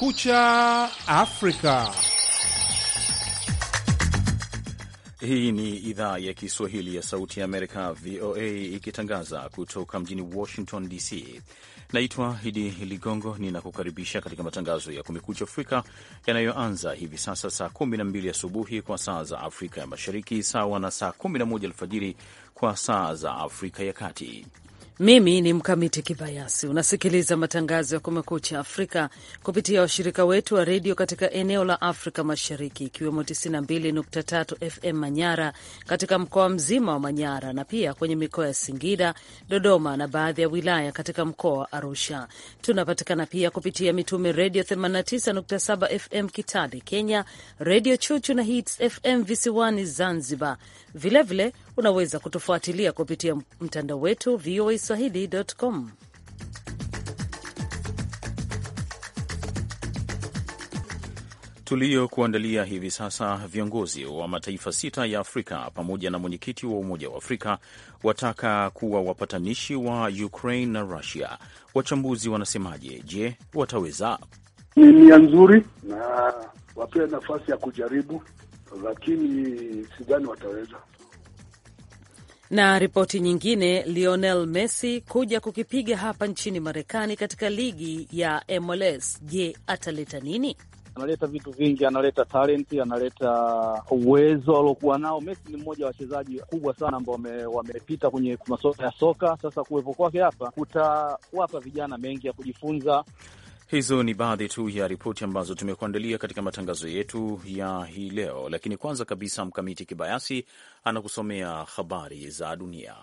Kumekucha Afrika. Hii ni idhaa ya Kiswahili ya Sauti ya Amerika, VOA, ikitangaza kutoka mjini Washington DC. Naitwa Hidi Ligongo, ninakukaribisha katika matangazo ya Kumekucha Afrika yanayoanza hivi sasa saa 12 asubuhi kwa saa za Afrika ya Mashariki, sawa na saa 11 alfajiri kwa saa za Afrika ya Kati. Mimi ni Mkamiti Kibayasi. Unasikiliza matangazo ya Kumekucha Afrika kupitia washirika wetu wa redio katika eneo la Afrika Mashariki, ikiwemo 92.3 FM Manyara katika mkoa mzima wa Manyara na pia kwenye mikoa ya Singida, Dodoma na baadhi ya wilaya katika mkoa wa Arusha. Tunapatikana pia kupitia Mitume Redio 89.7 FM Kitale Kenya, Redio Chuchu na Hits FM visiwani Zanzibar, vilevile vile, Unaweza kutufuatilia kupitia mtandao wetu VOA swahili.com. Tuliyokuandalia hivi sasa. Viongozi wa mataifa sita ya Afrika pamoja na mwenyekiti wa Umoja wa Afrika wataka kuwa wapatanishi wa Ukraine na Russia. Wachambuzi wanasemaje? Je, wataweza? Ni nia nzuri na wapewe nafasi ya kujaribu, lakini sidhani wataweza. Na ripoti nyingine, Lionel Messi kuja kukipiga hapa nchini Marekani katika ligi ya MLS. Je, ataleta nini? Analeta vitu vingi, analeta talenti, analeta uwezo aliokuwa nao. Messi ni mmoja wa wachezaji kubwa sana ambao wamepita kwenye masuala ya soka. Sasa kuwepo kwake hapa kutawapa vijana mengi ya kujifunza, Hizo ni baadhi tu ya ripoti ambazo tumekuandalia katika matangazo yetu ya hii leo, lakini kwanza kabisa Mkamiti Kibayasi anakusomea habari za dunia.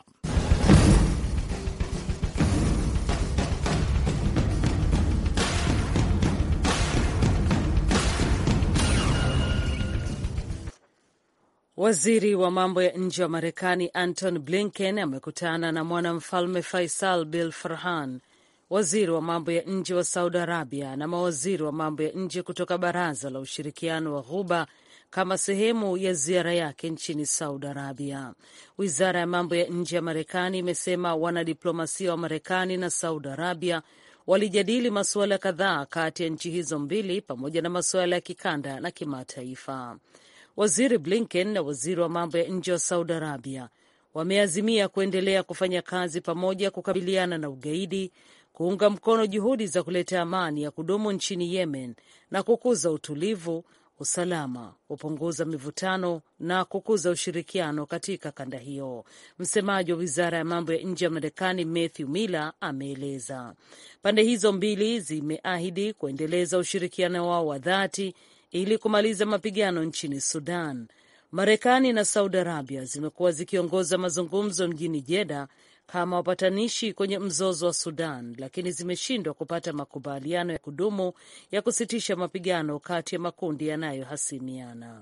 Waziri wa mambo ya nje wa Marekani Anton Blinken amekutana na mwanamfalme Faisal Bil Farhan waziri wa mambo ya nje wa Saudi Arabia na mawaziri wa mambo ya nje kutoka Baraza la Ushirikiano wa Ghuba kama sehemu ya ziara yake nchini Saudi Arabia. Wizara ya mambo ya nje ya Marekani imesema wanadiplomasia wa Marekani na Saudi Arabia walijadili masuala kadhaa kati ya nchi hizo mbili pamoja na masuala ya kikanda na kimataifa. Waziri Blinken na waziri wa mambo ya nje wa Saudi Arabia wameazimia kuendelea kufanya kazi pamoja kukabiliana na ugaidi, kuunga mkono juhudi za kuleta amani ya kudumu nchini Yemen na kukuza utulivu, usalama, kupunguza mivutano na kukuza ushirikiano katika kanda hiyo. Msemaji wa wizara ya mambo ya nje ya Marekani Matthew Miller ameeleza pande hizo mbili zimeahidi kuendeleza ushirikiano wao wa dhati ili kumaliza mapigano nchini Sudan. Marekani na Saudi Arabia zimekuwa zikiongoza mazungumzo mjini Jeda kama wapatanishi kwenye mzozo wa Sudan, lakini zimeshindwa kupata makubaliano ya kudumu ya kusitisha mapigano kati ya makundi yanayohasimiana.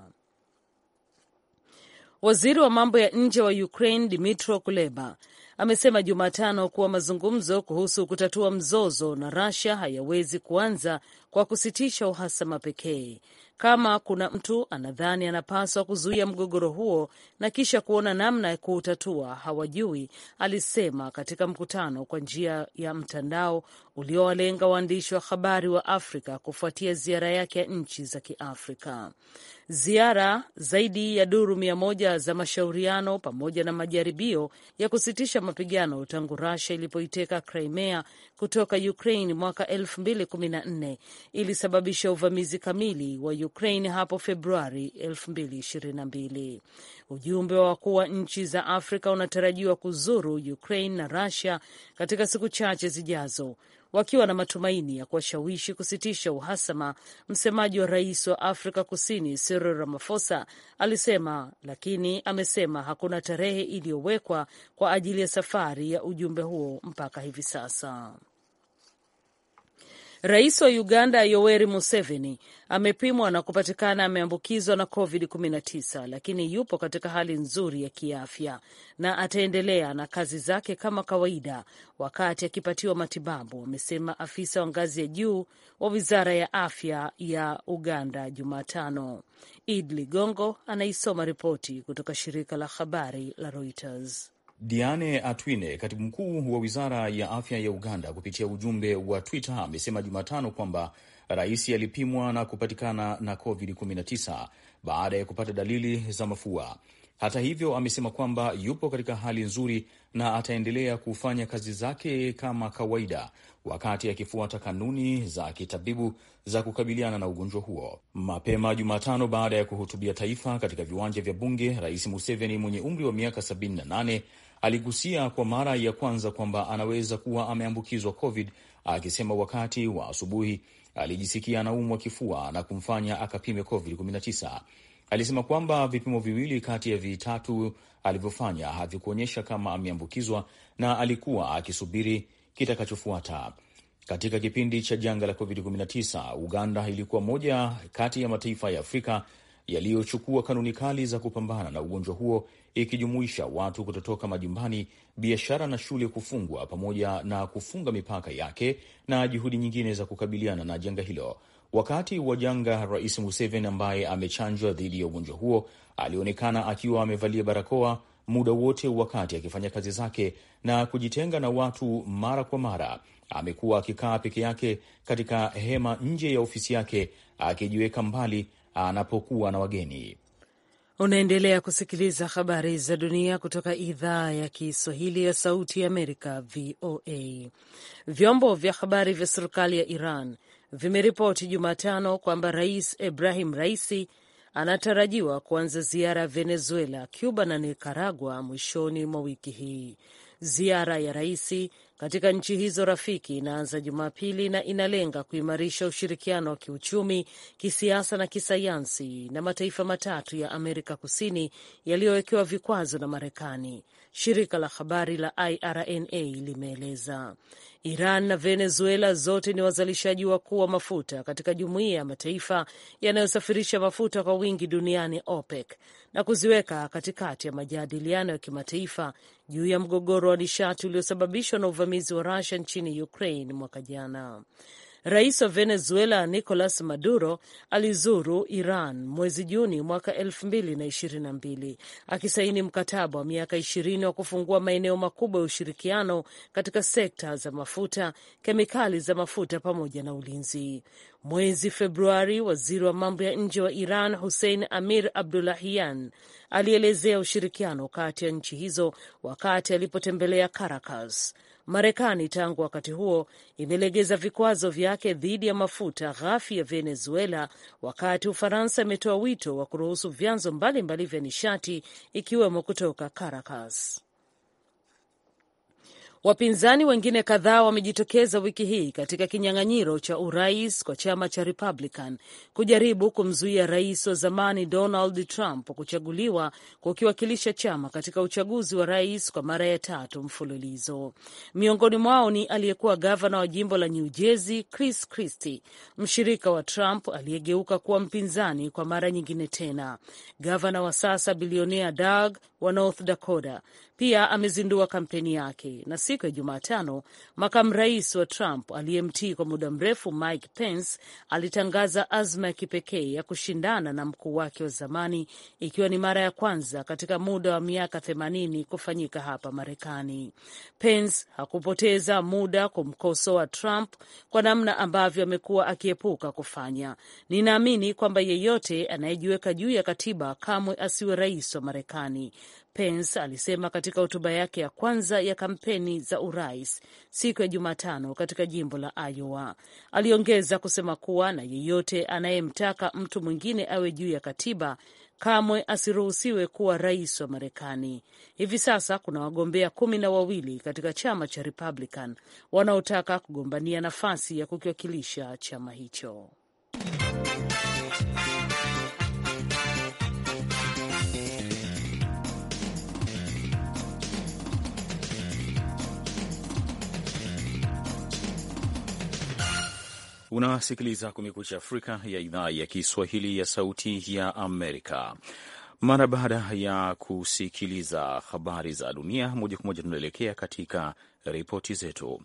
Waziri wa mambo ya nje wa Ukraine Dmytro Kuleba amesema Jumatano kuwa mazungumzo kuhusu kutatua mzozo na Russia hayawezi kuanza kwa kusitisha uhasama pekee, kama kuna mtu anadhani anapaswa kuzuia mgogoro huo na kisha kuona namna ya kuutatua, hawajui, alisema katika mkutano kwa njia ya mtandao uliowalenga waandishi wa habari wa Afrika kufuatia ziara yake ya nchi za Kiafrika. Ziara zaidi ya duru mia moja za mashauriano pamoja na majaribio ya kusitisha mapigano tangu rasha ilipoiteka Crimea kutoka Ukraine mwaka 2014 ilisababisha uvamizi kamili wa Ukraine hapo Februari 2022. Ujumbe wa wakuu wa nchi za Afrika unatarajiwa kuzuru Ukraine na Russia katika siku chache zijazo wakiwa na matumaini ya kuwashawishi kusitisha uhasama. Msemaji wa rais wa Afrika Kusini Cyril Ramaphosa alisema, lakini amesema hakuna tarehe iliyowekwa kwa ajili ya safari ya ujumbe huo mpaka hivi sasa. Rais wa Uganda Yoweri Museveni amepimwa na kupatikana ameambukizwa na COVID-19 lakini yupo katika hali nzuri ya kiafya na ataendelea na kazi zake kama kawaida wakati akipatiwa matibabu, amesema afisa wa ngazi ya juu wa wizara ya afya ya Uganda Jumatano. Id Ligongo anaisoma ripoti kutoka shirika la habari la Reuters. Diane Atwine, katibu mkuu wa wizara ya afya ya Uganda, kupitia ujumbe wa Twitter amesema Jumatano kwamba rais alipimwa na kupatikana na COVID-19 baada ya kupata dalili za mafua. Hata hivyo, amesema kwamba yupo katika hali nzuri na ataendelea kufanya kazi zake kama kawaida, wakati akifuata kanuni za kitabibu za kukabiliana na ugonjwa huo. Mapema Jumatano, baada ya kuhutubia taifa katika viwanja vya bunge, Rais Museveni mwenye umri wa miaka 78 aligusia kwa mara ya kwanza kwamba anaweza kuwa ameambukizwa COVID, akisema wakati wa asubuhi alijisikia anaumwa kifua na kumfanya akapime COVID-19. Alisema kwamba vipimo viwili kati ya vitatu alivyofanya havikuonyesha kama ameambukizwa na alikuwa akisubiri kitakachofuata. Katika kipindi cha janga la COVID-19, Uganda ilikuwa moja kati ya mataifa ya Afrika yaliyochukua kanuni kali za kupambana na ugonjwa huo ikijumuisha watu kutotoka majumbani, biashara na shule kufungwa, pamoja na kufunga mipaka yake na juhudi nyingine za kukabiliana na janga hilo. Wakati wa janga, Rais Museveni ambaye amechanjwa dhidi ya ugonjwa huo alionekana akiwa amevalia barakoa muda wote wakati akifanya kazi zake na kujitenga na watu mara kwa mara. Amekuwa akikaa peke yake katika hema nje ya ofisi yake akijiweka mbali anapokuwa na wageni. Unaendelea kusikiliza habari za dunia kutoka idhaa ya Kiswahili ya Sauti ya Amerika, VOA. Vyombo vya habari vya serikali ya Iran vimeripoti Jumatano kwamba Rais Ibrahim Raisi anatarajiwa kuanza ziara ya Venezuela, Cuba na Nicaragua mwishoni mwa wiki hii. Ziara ya Raisi katika nchi hizo rafiki inaanza Jumapili na inalenga kuimarisha ushirikiano wa kiuchumi, kisiasa na kisayansi na mataifa matatu ya Amerika Kusini yaliyowekewa vikwazo na Marekani, shirika la habari la IRNA limeeleza. Iran na Venezuela zote ni wazalishaji wakuu wa mafuta katika jumuiya ya mataifa yanayosafirisha mafuta kwa wingi duniani OPEC, na kuziweka katikati ya majadiliano ya kimataifa juu ya mgogoro wa nishati uliosababishwa na uvamizi wa Rusia nchini Ukraine mwaka jana. Rais wa Venezuela Nicolas Maduro alizuru Iran mwezi Juni mwaka elfu mbili na ishirini na mbili akisaini mkataba wa miaka ishirini wa kufungua maeneo makubwa ya ushirikiano katika sekta za mafuta, kemikali za mafuta pamoja na ulinzi. Mwezi Februari, waziri wa mambo ya nje wa Iran Hussein Amir Abdulahian alielezea ushirikiano kati ya nchi hizo wakati alipotembelea Caracas. Marekani tangu wakati huo imelegeza vikwazo vyake dhidi ya mafuta ghafi ya Venezuela, wakati Ufaransa imetoa wito wa kuruhusu vyanzo mbalimbali vya nishati ikiwemo kutoka Caracas. Wapinzani wengine kadhaa wamejitokeza wiki hii katika kinyang'anyiro cha urais kwa chama cha Republican kujaribu kumzuia rais wa zamani Donald Trump kuchaguliwa kukiwakilisha chama katika uchaguzi wa rais kwa mara ya tatu mfululizo. Miongoni mwao ni aliyekuwa gavana wa jimbo la New Jersey Chris Christie, mshirika wa Trump aliyegeuka kuwa mpinzani kwa mara nyingine tena, gavana wa sasa bilionea Doug wa North Dakota pia amezindua kampeni yake na ya Jumatano, makamu rais wa Trump aliyemtii kwa muda mrefu Mike Pence alitangaza azma ya kipekee ya kushindana na mkuu wake wa zamani, ikiwa ni mara ya kwanza katika muda wa miaka 80 kufanyika hapa Marekani. Pence hakupoteza muda kumkosoa Trump kwa namna ambavyo amekuwa akiepuka kufanya. Ninaamini kwamba yeyote anayejiweka juu ya katiba kamwe asiwe rais wa Marekani. Pence alisema katika hotuba yake ya kwanza ya kampeni za urais siku ya Jumatano katika jimbo la Iowa. Aliongeza kusema kuwa na yeyote anayemtaka mtu mwingine awe juu ya katiba kamwe asiruhusiwe kuwa rais wa Marekani. Hivi sasa kuna wagombea kumi na wawili katika chama cha Republican wanaotaka kugombania nafasi ya kukiwakilisha chama hicho. Unasikiliza Kumekucha Afrika ya idhaa ya Kiswahili ya Sauti ya Amerika. Mara baada ya kusikiliza habari za dunia moja kwa moja, tunaelekea katika ripoti zetu.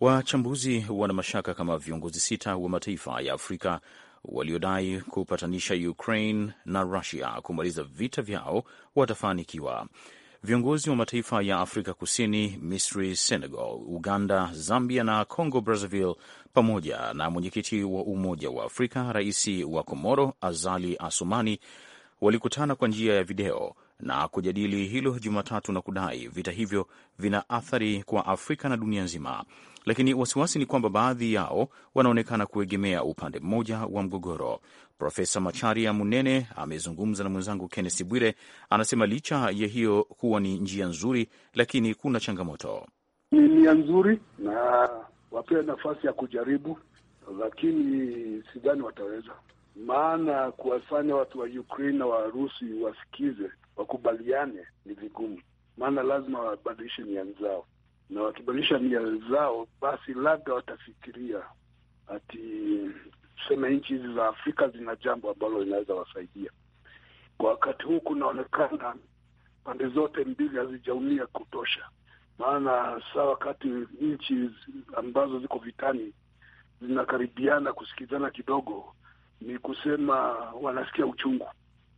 Wachambuzi wana mashaka kama viongozi sita wa mataifa ya Afrika waliodai kupatanisha Ukraine na Russia kumaliza vita vyao watafanikiwa. Viongozi wa mataifa ya Afrika Kusini, Misri, Senegal, Uganda, Zambia na Congo Brazzaville pamoja na mwenyekiti wa Umoja wa Afrika, rais wa Komoro Azali Asumani walikutana kwa njia ya video na kujadili hilo Jumatatu na kudai vita hivyo vina athari kwa Afrika na dunia nzima, lakini wasiwasi ni kwamba baadhi yao wanaonekana kuegemea upande mmoja wa mgogoro. Profesa Macharia Munene amezungumza na mwenzangu Kennes Bwire, anasema licha ya hiyo kuwa ni njia nzuri, lakini kuna changamoto. Ni nia nzuri na wapewe nafasi ya kujaribu, lakini sidhani wataweza, maana kuwafanya watu wa Ukraine na Warusi wasikize wakubaliane ni vigumu, maana lazima wabadilishe nia zao, na wakibadilisha nia zao, basi labda watafikiria ati tuseme nchi hizi za Afrika zina jambo ambalo linaweza wasaidia. Kwa wakati huu kunaonekana pande zote mbili hazijaumia kutosha, maana saa wakati nchi ambazo ziko vitani zinakaribiana kusikizana kidogo, ni kusema wanasikia uchungu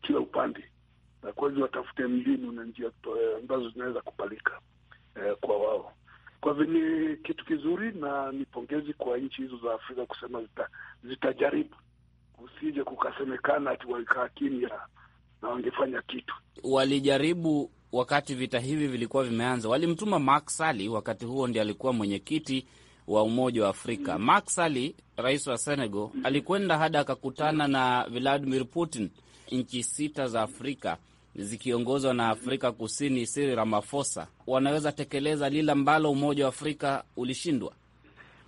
kila upande, na eh, kwa watafute mbinu na njia eh, ambazo zinaweza kupalika eh, kwa wao. Kwa hivyo ni kitu kizuri na ni pongezi kwa nchi hizo za Afrika kusema zitajaribu zita, kusije kukasemekana ati walikaa kimya na wangefanya kitu. Walijaribu wakati vita hivi vilikuwa vimeanza, walimtuma Macky Sall, wakati huo ndiye alikuwa mwenyekiti wa Umoja wa Afrika. Mm. Macky Sall, rais wa Senegal, mm. alikwenda hadi akakutana na Vladimir Putin. Nchi sita za Afrika zikiongozwa na Afrika Kusini, siri ramafosa wanaweza tekeleza lile ambalo Umoja wa Afrika ulishindwa?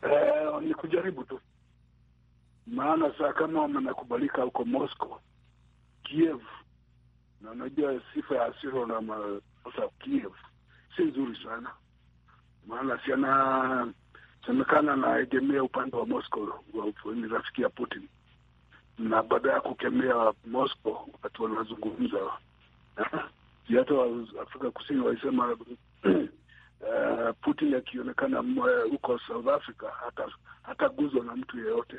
Eh, ni kujaribu tu, maana saa kama wamekubalika huko Moscow, Kiev, na unajua sifa ya Cyril Ramaphosa Kiev si nzuri sana, maana siana semekana naegemea upande wa Moscow, ni rafiki ya Putin, na baada ya kukemea Moscow wakati wanazungumza hata Afrika Kusini walisema uh, Putin akionekana huko South Africa hataguzwa hata na mtu yeyote,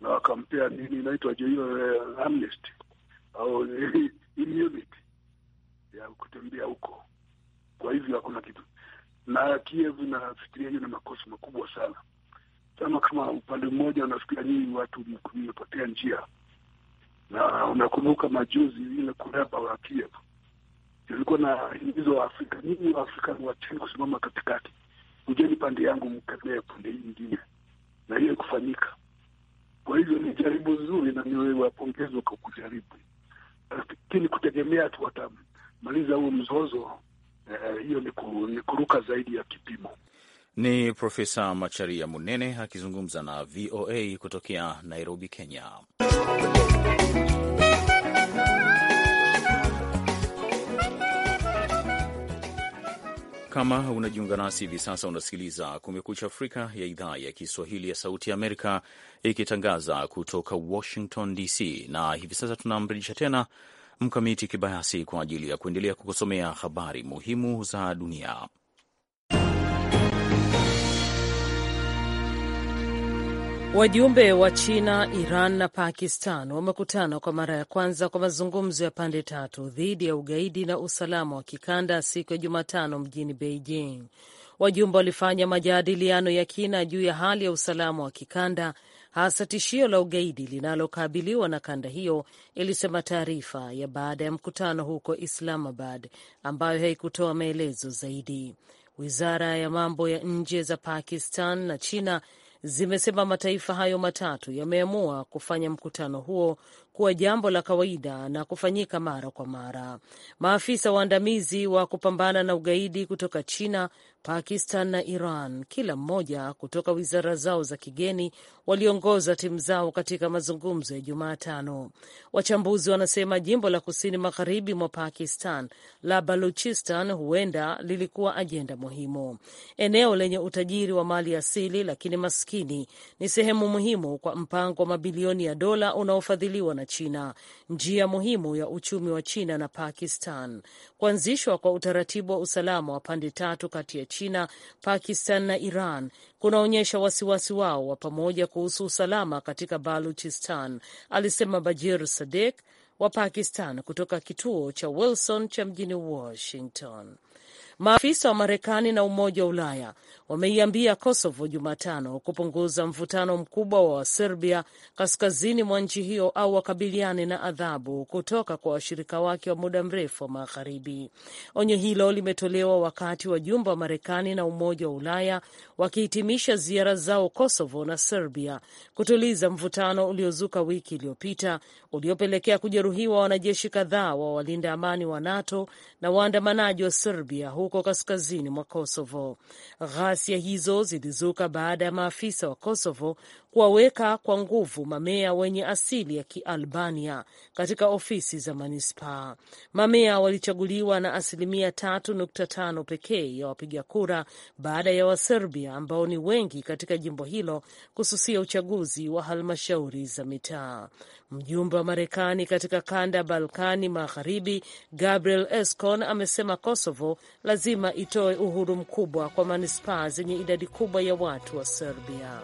na wakampea nini inaitwa hiyo uh, amnesty au immunity ya kutembea huko. Kwa hivyo hakuna kitu, na Kiev nafikiria hiyo ni makosa makubwa sana, kama kama upande mmoja unafikiria nyinyi watu mmepotea njia na unakumbuka majuzi ile kureba wa Kiev ilikuwa na hizo Waafrika, nyinyi Waafrika wacheni kusimama katikati, ujeni pande yangu, mkemee pande hii nyingine, na hiyo ikufanyika. Kwa hivyo ni jaribu nzuri na niwapongezwa kwa kujaribu, lakini kutegemea tu watamaliza huo mzozo eh, hiyo ni kuruka zaidi ya kipimo. Ni Profesa Macharia Munene akizungumza na VOA kutokea Nairobi, Kenya. Kama unajiunga nasi hivi sasa, unasikiliza Kumekucha Afrika ya idhaa ya Kiswahili ya Sauti ya Amerika ikitangaza kutoka Washington DC, na hivi sasa tunamrejesha tena Mkamiti Kibayasi kwa ajili ya kuendelea kukusomea habari muhimu za dunia. Wajumbe wa China, Iran na Pakistan wamekutana kwa mara ya kwanza kwa mazungumzo ya pande tatu dhidi ya ugaidi na usalama wa kikanda siku ya Jumatano mjini Beijing. Wajumbe walifanya majadiliano ya kina juu ya hali ya usalama wa kikanda, hasa tishio la ugaidi linalokabiliwa na kanda hiyo, ilisema taarifa ya baada ya mkutano huko Islamabad ambayo haikutoa maelezo zaidi. Wizara ya mambo ya nje za Pakistan na China zimesema mataifa hayo matatu yameamua kufanya mkutano huo kuwa jambo la kawaida na kufanyika mara kwa mara. Maafisa waandamizi wa kupambana na ugaidi kutoka China, Pakistan na Iran, kila mmoja kutoka wizara zao za kigeni, waliongoza timu zao katika mazungumzo ya Jumatano. Wachambuzi wanasema jimbo la kusini magharibi mwa Pakistan la Baluchistan huenda lilikuwa ajenda muhimu. Eneo lenye utajiri wa mali asili lakini maskini ni sehemu muhimu kwa mpango wa mabilioni ya dola unaofadhiliwa na na China, njia muhimu ya uchumi wa China na Pakistan. Kuanzishwa kwa utaratibu wa usalama wa pande tatu kati ya China, Pakistan na Iran kunaonyesha wasiwasi wao wa pamoja kuhusu usalama katika Baluchistan, alisema Bajir Sadek wa Pakistan kutoka kituo cha Wilson cha mjini Washington. Maafisa wa Marekani na Umoja wa Ulaya wameiambia Kosovo Jumatano kupunguza mvutano mkubwa wa Waserbia kaskazini mwa nchi hiyo au wakabiliane na adhabu kutoka kwa washirika wake wa muda mrefu wa Magharibi. Onyo hilo limetolewa wakati wajumbe wa Marekani na Umoja wa Ulaya wakihitimisha ziara zao Kosovo na Serbia kutuliza mvutano uliozuka wiki iliyopita uliopelekea kujeruhiwa wanajeshi kadhaa wa walinda amani wa NATO na waandamanaji wa Serbia huko huko kaskazini mwa Kosovo. Ghasia hizo zilizuka baada ya maafisa wa Kosovo kuwaweka kwa nguvu mamea wenye asili ya Kialbania katika ofisi za manispaa. Mamea walichaguliwa na asilimia tatu nukta tano pekee ya wapiga kura baada ya Waserbia ambao ni wengi katika jimbo hilo kususia uchaguzi wa halmashauri za mitaa. Mjumbe wa Marekani katika kanda ya Balkani Magharibi Gabriel Escon amesema Kosovo lazima itoe uhuru mkubwa kwa manispaa zenye idadi kubwa ya watu wa Serbia.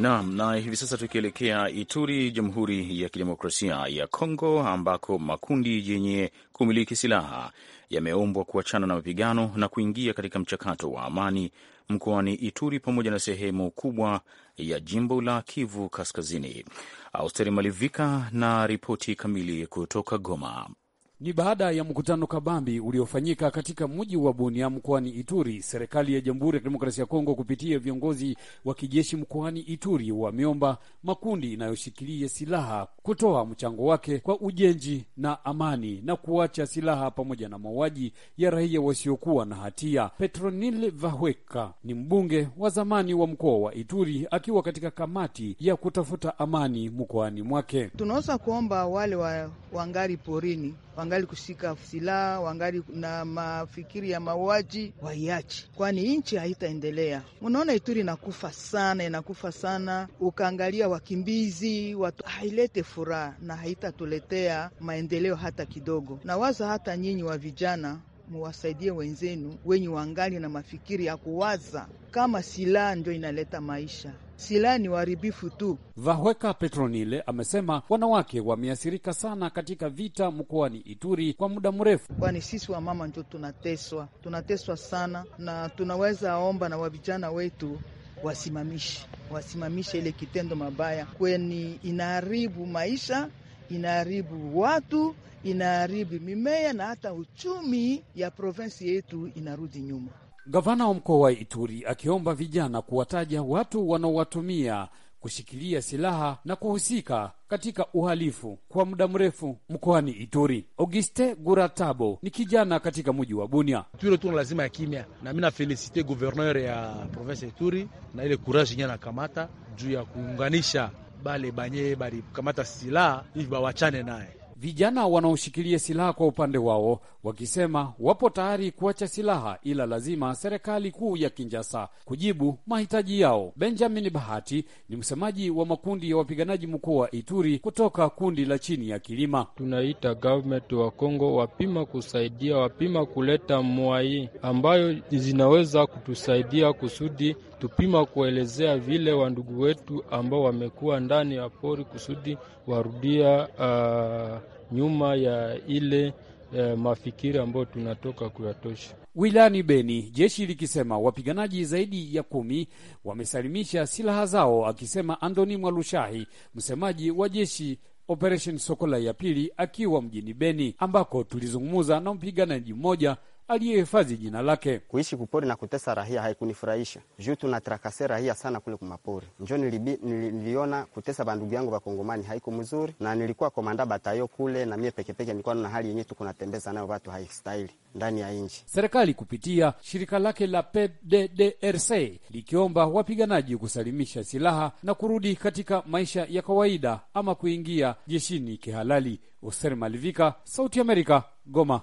Naam, na hivi sasa tukielekea Ituri, Jamhuri ya Kidemokrasia ya Kongo, ambako makundi yenye kumiliki silaha yameombwa kuachana na mapigano na kuingia katika mchakato wa amani mkoani Ituri pamoja na sehemu kubwa ya jimbo la Kivu Kaskazini. Austeri Malivika na ripoti kamili kutoka Goma. Ni baada ya mkutano kabambi uliofanyika katika mji wa Bunia mkoani Ituri. Serikali ya Jamhuri ya Kidemokrasia ya Kongo kupitia viongozi wa kijeshi mkoani Ituri wameomba makundi inayoshikilia silaha kutoa mchango wake kwa ujenzi na amani na kuacha silaha pamoja na mauaji ya raia wasiokuwa na hatia. petronil Vahweka ni mbunge wa zamani wa mkoa wa Ituri akiwa katika kamati ya kutafuta amani mkoani mwake. Tunaweza kuomba wale wa wangari porini wangali kushika silaha, wangali na mafikiri ya mauaji, waiachi, kwani nchi haitaendelea. Unaona Ituri inakufa sana, inakufa sana. Ukaangalia wakimbizi watu, hailete furaha na haitatuletea maendeleo hata kidogo. Na waza hata nyinyi wa vijana muwasaidie wenzenu wenye wangali na mafikiri ya kuwaza kama silaha ndio inaleta maisha silaha ni uharibifu tu. Vahweka Petronile amesema wanawake wameathirika sana katika vita mkoani Ituri kwa muda mrefu, kwani sisi wamama ndio tunateswa, tunateswa sana, na tunaweza omba na wavijana wetu wasimamishe, wasimamishe ile kitendo mabaya, kweni inaharibu maisha, inaharibu watu inaharibu mimea na hata uchumi ya provinsi yetu inarudi nyuma. Gavana wa mkoa wa Ituri akiomba vijana kuwataja watu wanaowatumia kushikilia silaha na kuhusika katika uhalifu kwa muda mrefu mkoani Ituri. Auguste Guratabo ni kijana katika muji wa Bunia. Ituri tuna lazima ya kimya, na mi nafelisite guverneur ya province ya Ituri na ile kuraji nye nakamata juu ya kuunganisha bale banye balikamata silaha hivi bawachane naye vijana wanaoshikilia silaha kwa upande wao wakisema wapo tayari kuacha silaha, ila lazima serikali kuu ya kinjasa kujibu mahitaji yao. Benjamin Bahati ni msemaji wa makundi ya wapiganaji mkuu wa Ituri kutoka kundi la chini ya kilima. Tunaita government wa Kongo wapima kusaidia, wapima kuleta mwai ambayo zinaweza kutusaidia kusudi tupima kuelezea vile wandugu wetu ambao wamekuwa ndani ya pori kusudi warudia uh, nyuma ya ile uh, mafikiri ambayo tunatoka kuyatosha. Wilayani Beni, jeshi likisema wapiganaji zaidi ya kumi wamesalimisha silaha zao, akisema andoni Mwalushahi, msemaji wa jeshi Operesheni Sokola ya pili, akiwa mjini Beni ambako tulizungumza na mpiganaji mmoja aliyehifadhi jina lake. Kuishi kupori na kutesa rahia haikunifurahisha juu tunatrakase rahia sana kule kumapori. Njo niliona kutesa bandugu yangu vakongomani haiko mzuri, na nilikuwa komanda batayo kule na mie pekepeke, nilikuwa na hali yenye tukunatembeza nayo vatu haistahili ndani ya nchi. Serikali kupitia shirika lake la PDDRC likiomba wapiganaji kusalimisha silaha na kurudi katika maisha ya kawaida ama kuingia jeshini kihalali. Oser Malivika, Sauti Amerika, Goma.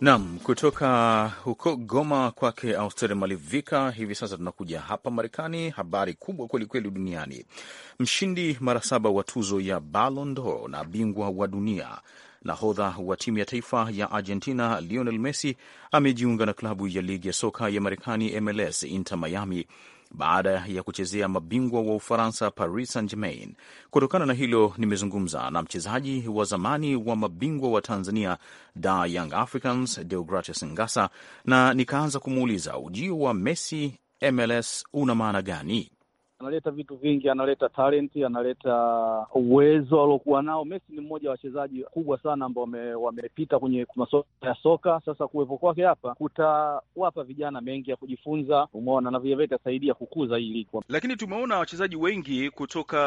Nam kutoka huko Goma kwake Austeri Malivika. Hivi sasa tunakuja hapa Marekani. Habari kubwa kwelikweli duniani, mshindi mara saba wa tuzo ya Ballon d'Or na bingwa wa dunia nahodha wa timu ya taifa ya Argentina Lionel Messi amejiunga na klabu ya ligi ya soka ya Marekani MLS Inter Miami baada ya kuchezea mabingwa wa Ufaransa Paris Saint-Germain. Kutokana na hilo, nimezungumza na mchezaji wa zamani wa mabingwa wa Tanzania da Young Africans Deogratius Ngasa, na nikaanza kumuuliza ujio wa Messi MLS una maana gani? analeta vitu vingi, analeta talenti, analeta uwezo aliokuwa nao. Messi ni mmoja wa wachezaji kubwa sana ambao wamepita wame kwenye masoko ya soka. Sasa kuwepo kwake hapa kutawapa vijana mengi ya kujifunza, umeona, na vilevile itasaidia kukuza hii ligi. Lakini tumeona wachezaji wengi kutoka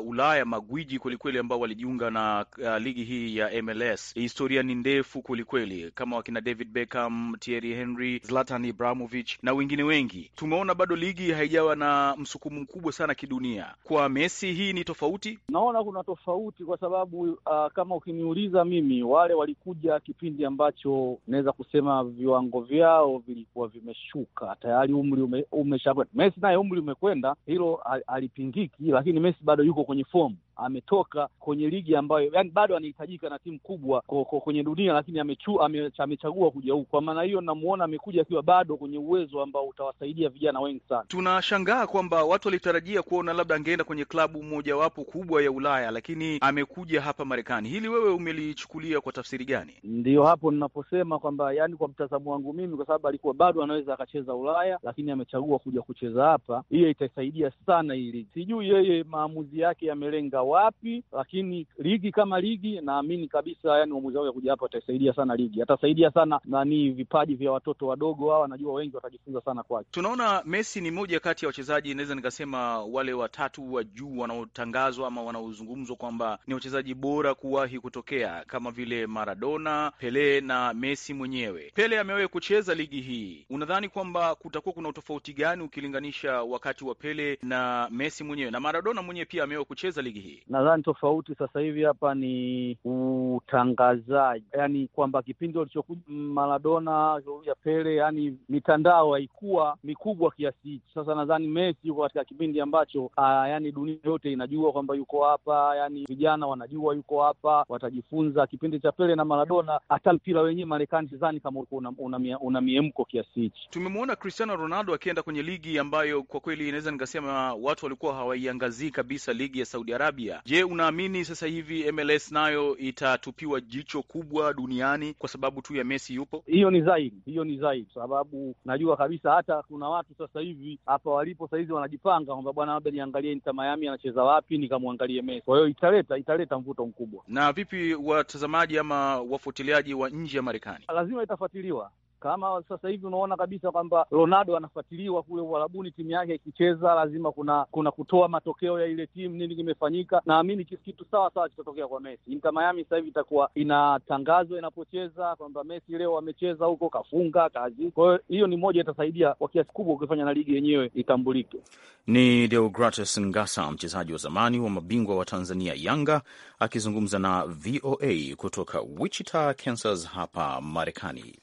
uh, Ulaya, magwiji kwelikweli, ambao walijiunga na uh, ligi hii ya MLS. Historia ni ndefu kwelikweli, kama wakina David Beckham, Thierry Henry, Zlatan Ibrahimovic na wengine wengi. Tumeona bado ligi haijawa na msukumo mkubwa sana kidunia. Kwa Messi hii ni tofauti, naona kuna tofauti kwa sababu uh, kama ukiniuliza mimi, wale walikuja kipindi ambacho naweza kusema viwango vyao vilikuwa vimeshuka tayari, umri ume, umeshakwenda. Messi naye umri umekwenda, hilo alipingiki, lakini Messi bado yuko kwenye fomu ametoka kwenye ligi ambayo yani bado anahitajika na timu kubwa kwenye dunia, lakini amechu, ame, amechagua kuja huku. Kwa maana hiyo, namuona amekuja akiwa bado kwenye uwezo ambao utawasaidia vijana wengi sana. Tunashangaa kwamba watu walitarajia kuona labda angeenda kwenye klabu mojawapo kubwa ya Ulaya, lakini amekuja hapa Marekani. Hili wewe umelichukulia kwa tafsiri gani? Ndiyo hapo ninaposema kwamba yani, kwa mtazamo wangu mimi, kwa sababu alikuwa bado anaweza akacheza Ulaya, lakini amechagua kuja kucheza hapa. Hiyo itasaidia sana hili, sijui yeye maamuzi yake yamelenga wapi, lakini ligi kama ligi, naamini kabisa yani uamuzi wao kuja hapa atasaidia sana ligi, atasaidia sana nani vipaji vya watoto wadogo hawa, najua wengi watajifunza sana kwake. Tunaona Messi ni moja kati ya wachezaji naweza nikasema wale watatu wa juu wanaotangazwa ama wanaozungumzwa kwamba ni wachezaji bora kuwahi kutokea kama vile Maradona, Pele na Messi mwenyewe. Pele amewahi kucheza ligi hii, unadhani kwamba kutakuwa kuna utofauti gani ukilinganisha wakati wa Pele na Messi mwenyewe, na Maradona mwenyewe pia amewahi kucheza ligi hii? Nadhani tofauti sasa hivi hapa ni utangazaji, yani kwamba kipindi walichokuja Maradona ya Pele, yani mitandao haikuwa mikubwa kiasi hichi. Sasa nadhani Messi yuko katika kipindi ambacho aa, ah, yani dunia yote inajua kwamba yuko hapa, yani vijana wanajua yuko hapa, watajifunza. Kipindi cha Pele na Maradona, hata mpira wenyewe Marekani sidhani kama ulikuwa una, una, una, una miemko kiasi hichi. Tumemwona Cristiano Ronaldo akienda kwenye ligi ambayo kwa kweli inaweza nikasema watu walikuwa hawaiangazii kabisa, ligi ya Saudi Arabia teknolojia. Je, unaamini sasa hivi MLS nayo itatupiwa jicho kubwa duniani kwa sababu tu ya Messi yupo? Hiyo ni zaidi, hiyo ni zaidi, sababu najua kabisa hata kuna watu sasa hivi hapa walipo sasa hivi wanajipanga kwamba bwana, labda niangalie Inter Miami anacheza wapi, nikamwangalie Messi. Kwa hiyo italeta italeta mvuto mkubwa. Na vipi watazamaji ama wafuatiliaji wa nje ya Marekani? Lazima itafuatiliwa kama sasa hivi unaona kabisa kwamba Ronaldo anafuatiliwa kule Uharabuni, timu yake ikicheza lazima kuna kuna kutoa matokeo ya ile timu, nini kimefanyika. Naamini kitu sawa sawa kitatokea kwa Messi. Inter Miami sasa hivi itakuwa inatangazwa inapocheza kwamba Messi leo amecheza huko, kafunga kazi. Kwa hiyo hiyo ni moja, itasaidia kwa kiasi kubwa ukifanya na ligi yenyewe itambulike. Ni Deogratis Ngasa, mchezaji wa zamani wa mabingwa wa Tanzania Yanga, akizungumza na VOA kutoka Wichita, Kansas hapa Marekani.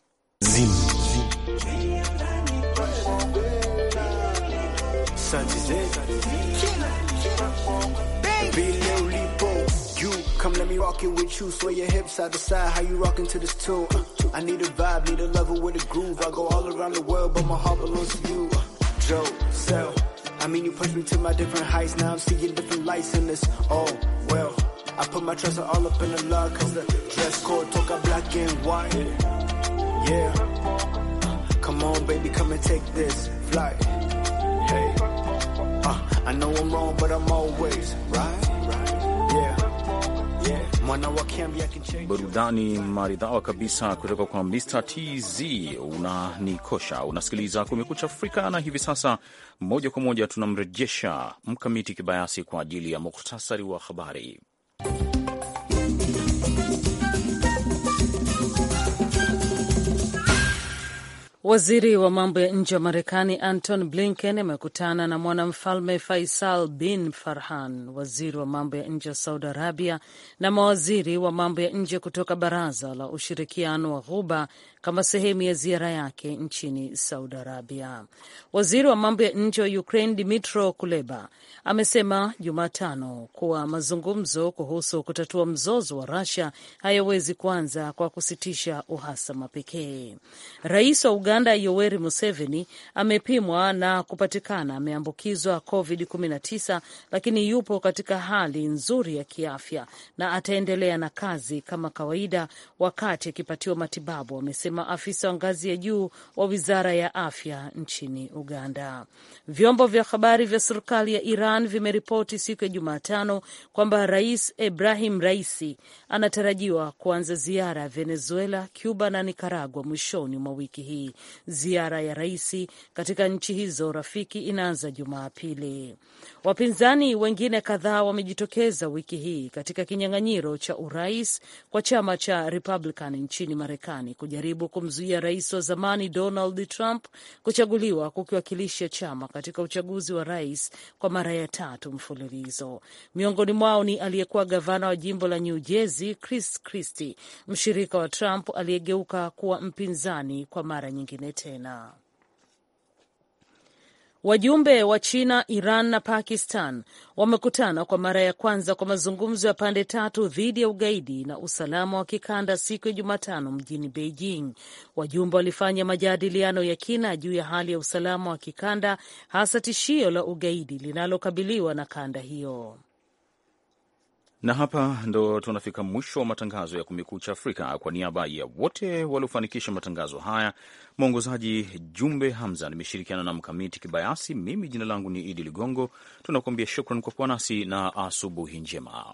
Zim. you come let me rock it with you sway your hips side to side how you rocking to this tune uh, I need a vibe need a lover with a groove I go all around the world but my heart belongs to you uh, Joe sell. I mean you push me to my different heights now I'm seeing different lights in this oh well I put my trust all up in the love cause the dress code talk black and white Yeah. come on, baby, come and take this flight. Hey. Uh, I know I'm wrong, but I'm always right. Burudani maridhawa kabisa kutoka kwa Mr TZ unanikosha. Unasikiliza Kumekucha Afrika, na hivi sasa moja kwa moja tunamrejesha Mkamiti Kibayasi kwa ajili ya muktasari wa habari. Waziri wa mambo ya nje wa Marekani Anton Blinken amekutana na mwanamfalme Faisal bin Farhan, waziri wa mambo ya nje wa Saudi Arabia, na mawaziri wa mambo ya nje kutoka Baraza la Ushirikiano wa Ghuba kama sehemu ya ziara yake nchini Saudi Arabia. Waziri wa mambo ya nje wa Ukraine Dmytro Kuleba amesema Jumatano kuwa mazungumzo kuhusu kutatua mzozo wa Russia hayawezi kuanza kwa kusitisha uhasama pekee. Rais wa Uganda Yoweri Museveni amepimwa na kupatikana ameambukizwa COVID-19 lakini yupo katika hali nzuri ya kiafya na ataendelea na kazi kama kawaida wakati akipatiwa matibabu, amesema maafisa wa ngazi ya juu wa wizara ya afya nchini Uganda. Vyombo vya habari vya serikali ya Iran vimeripoti siku ya Jumatano kwamba Rais Ibrahim Raisi anatarajiwa kuanza ziara ya Venezuela, Cuba na nikaragua mwishoni mwa wiki hii. Ziara ya Raisi katika nchi hizo rafiki inaanza Jumapili. Wapinzani wengine kadhaa wamejitokeza wiki hii katika kinyang'anyiro cha urais kwa chama cha Republican nchini Marekani kujaribu kujaribu kumzuia rais wa zamani Donald Trump kuchaguliwa kukiwakilisha chama katika uchaguzi wa rais kwa mara ya tatu mfululizo. Miongoni mwao ni aliyekuwa gavana wa jimbo la New Jersey Chris Christie, mshirika wa Trump aliyegeuka kuwa mpinzani kwa mara nyingine tena. Wajumbe wa China, Iran na Pakistan wamekutana kwa mara ya kwanza kwa mazungumzo ya pande tatu dhidi ya ugaidi na usalama wa kikanda siku ya Jumatano mjini Beijing. Wajumbe walifanya majadiliano ya kina juu ya hali ya usalama wa kikanda, hasa tishio la ugaidi linalokabiliwa na kanda hiyo. Na hapa ndo tunafika mwisho wa matangazo ya Kumekucha Afrika. Kwa niaba ya wote waliofanikisha matangazo haya, mwongozaji Jumbe Hamza, nimeshirikiana na Mkamiti Kibayasi. Mimi jina langu ni Idi Ligongo, tunakuambia shukran kwa kuwa nasi na asubuhi njema.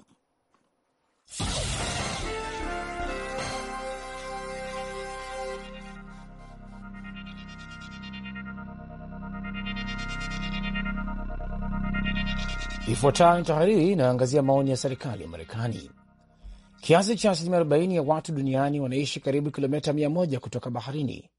Ifuatayo ni tahariri inayoangazia maoni ya serikali ya Marekani. Kiasi cha asilimia 40 ya watu duniani wanaishi karibu kilomita 100 kutoka baharini.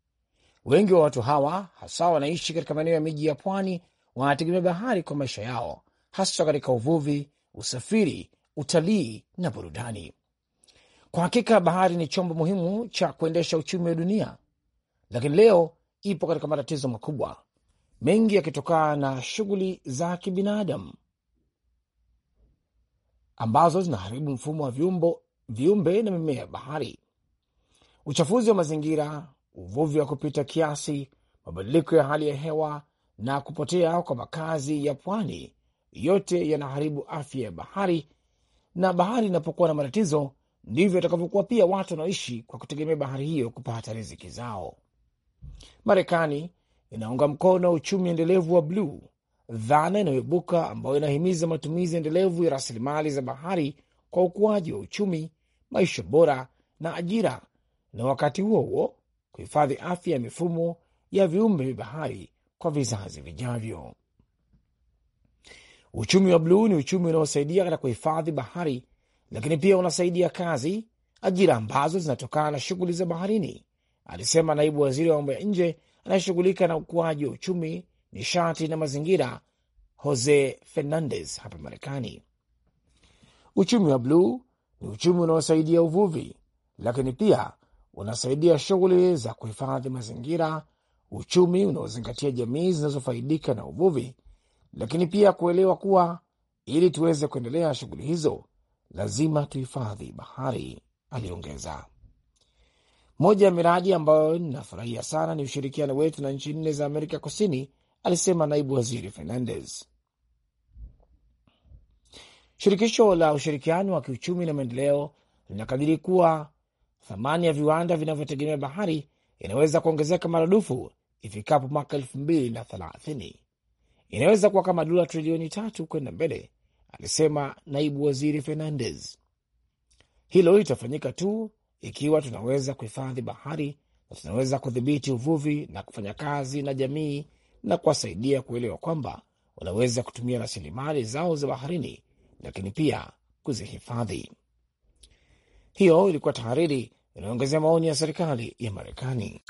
Wengi wa watu hawa, hasa wanaishi katika maeneo ya miji ya pwani, wanategemea bahari kwa maisha yao, hasa katika uvuvi, usafiri, utalii na burudani. Kwa hakika, bahari ni chombo muhimu cha kuendesha uchumi wa dunia, lakini leo ipo katika matatizo makubwa, mengi yakitokana na shughuli za kibinadamu ambazo zinaharibu mfumo wa viumbo, viumbe na mimea ya bahari. Uchafuzi wa mazingira, uvuvi wa kupita kiasi, mabadiliko ya hali ya hewa na kupotea kwa makazi ya pwani, yote yanaharibu afya ya bahari, na bahari inapokuwa na matatizo ndivyo itakavyokuwa pia watu wanaoishi kwa kutegemea bahari hiyo kupata riziki zao. Marekani inaunga mkono uchumi endelevu wa bluu dhana inayoibuka ambayo inahimiza matumizi endelevu ya rasilimali za bahari kwa ukuaji wa uchumi, maisha bora na ajira, na wakati huo huo kuhifadhi afya ya mifumo ya viumbe vya bahari kwa vizazi vijavyo. Uchumi wa bluu ni uchumi unaosaidia katika kuhifadhi bahari, lakini pia unasaidia kazi, ajira ambazo zinatokana na shughuli za baharini, alisema naibu waziri wa mambo ya nje anayeshughulika na ukuaji wa uchumi nishati na mazingira Jose Fernandez hapa Marekani. Uchumi wa bluu ni uchumi unaosaidia uvuvi, lakini pia unasaidia shughuli za kuhifadhi mazingira, uchumi unaozingatia jamii zinazofaidika na uvuvi, lakini pia kuelewa kuwa ili tuweze kuendelea shughuli hizo lazima tuhifadhi bahari, aliongeza. Moja ya miradi ambayo ninafurahia sana ni ushirikiano wetu na nchi nne za Amerika Kusini alisema naibu waziri Fernandez. Shirikisho la ushirikiano wa kiuchumi na maendeleo linakadiri kuwa thamani ya viwanda vinavyotegemea bahari inaweza kuongezeka maradufu ifikapo mwaka elfu mbili na thelathini. Inaweza kuwa kama dola trilioni tatu kwenda mbele, alisema naibu waziri Fernandez. Hilo litafanyika tu ikiwa tunaweza kuhifadhi bahari na tunaweza kudhibiti uvuvi na kufanya kazi na jamii na kuwasaidia kuelewa kwamba wanaweza kutumia rasilimali zao za baharini, lakini pia kuzihifadhi. Hiyo ilikuwa tahariri inayoongezea maoni ya serikali ya Marekani.